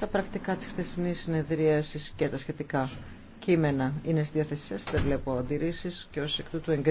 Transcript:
τα πρακτικά της χθεσινής συνεδρίασης και τα σχετικά κείμενα είναι στη διάθεσή σας, δεν βλέπω αντιρρήσεις και ως εκ τούτου εγκρίνω.